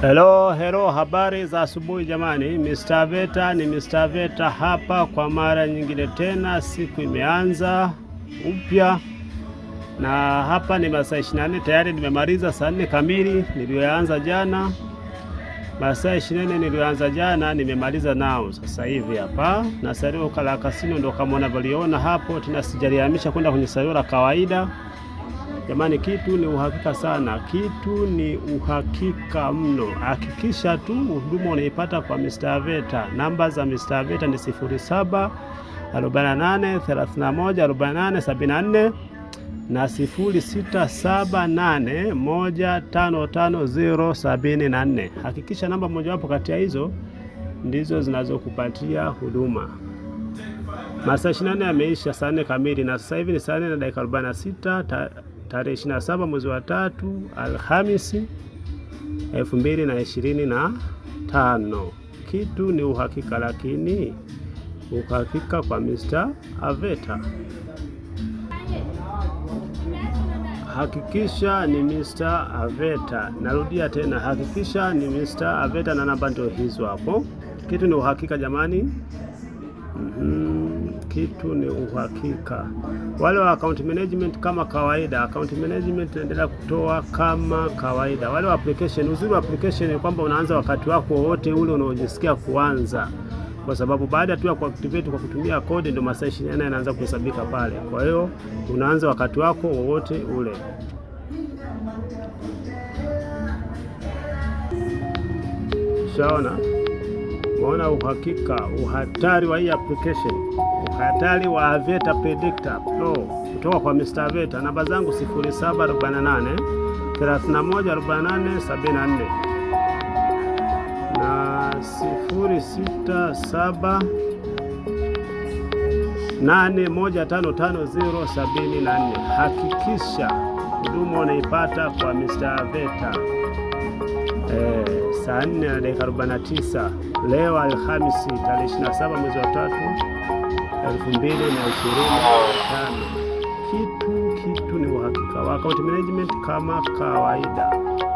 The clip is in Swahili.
Hello, hello, habari za asubuhi jamani. Mr. Veta ni Mr. Veta hapa kwa mara nyingine tena, siku imeanza upya na hapa ni masaa 24 tayari nimemaliza saa nne kamili niliyoanza jana, masaa 24 niliyoanza jana nimemaliza nao sasa hivi hapa na salio la kasino, ndo kama unavyoliona hapo tena, sijaliamisha kwenda kwenye salio la kawaida Jamani, kitu ni uhakika sana, kitu ni uhakika mno. Hakikisha tu huduma unaipata kwa Mr. Veta. Namba za Mr. Veta ni 07 48 31 48 74 na 0678155074. Hakikisha namba mojawapo kati ya hizo ndizo zinazokupatia huduma. Masaa 24 yameisha saa 4 kamili na sasa hivi ni saa 4 na dakika 46 tarehe 27 mwezi wa tatu Alhamisi 2025. Kitu ni uhakika, lakini uhakika kwa Mr. Aveta. Hakikisha ni Mr. Aveta. Narudia tena, hakikisha ni Mr. Aveta na namba ndio hizo hapo. Kitu ni uhakika jamani. mm -hmm kitu ni uhakika. Wale wa account management kama kawaida, account management inaendelea kutoa kama kawaida. Wale wa application, uzuri wa application ni kwamba unaanza wakati wako wowote ule unaojisikia kuanza kwa sababu baada tu ya kuactivate kwa kutumia code ndio masaa 24 yanaanza kuhesabika pale. Kwa hiyo unaanza wakati wako wowote ule. Shaona kuona uhakika, uhatari wa hii application, uhatari wa Aveta Predictor Pro kutoka kwa Mr. Aveta. Namba zangu 0748 3148 74 na 067 8155074. Hakikisha huduma unaipata kwa Mr. Aveta eh saa 4 dakika 49 leo Alhamisi tarehe 27 mwezi wa 3 2025. Kitu kitu ni uhakika wa account management kama kawaida.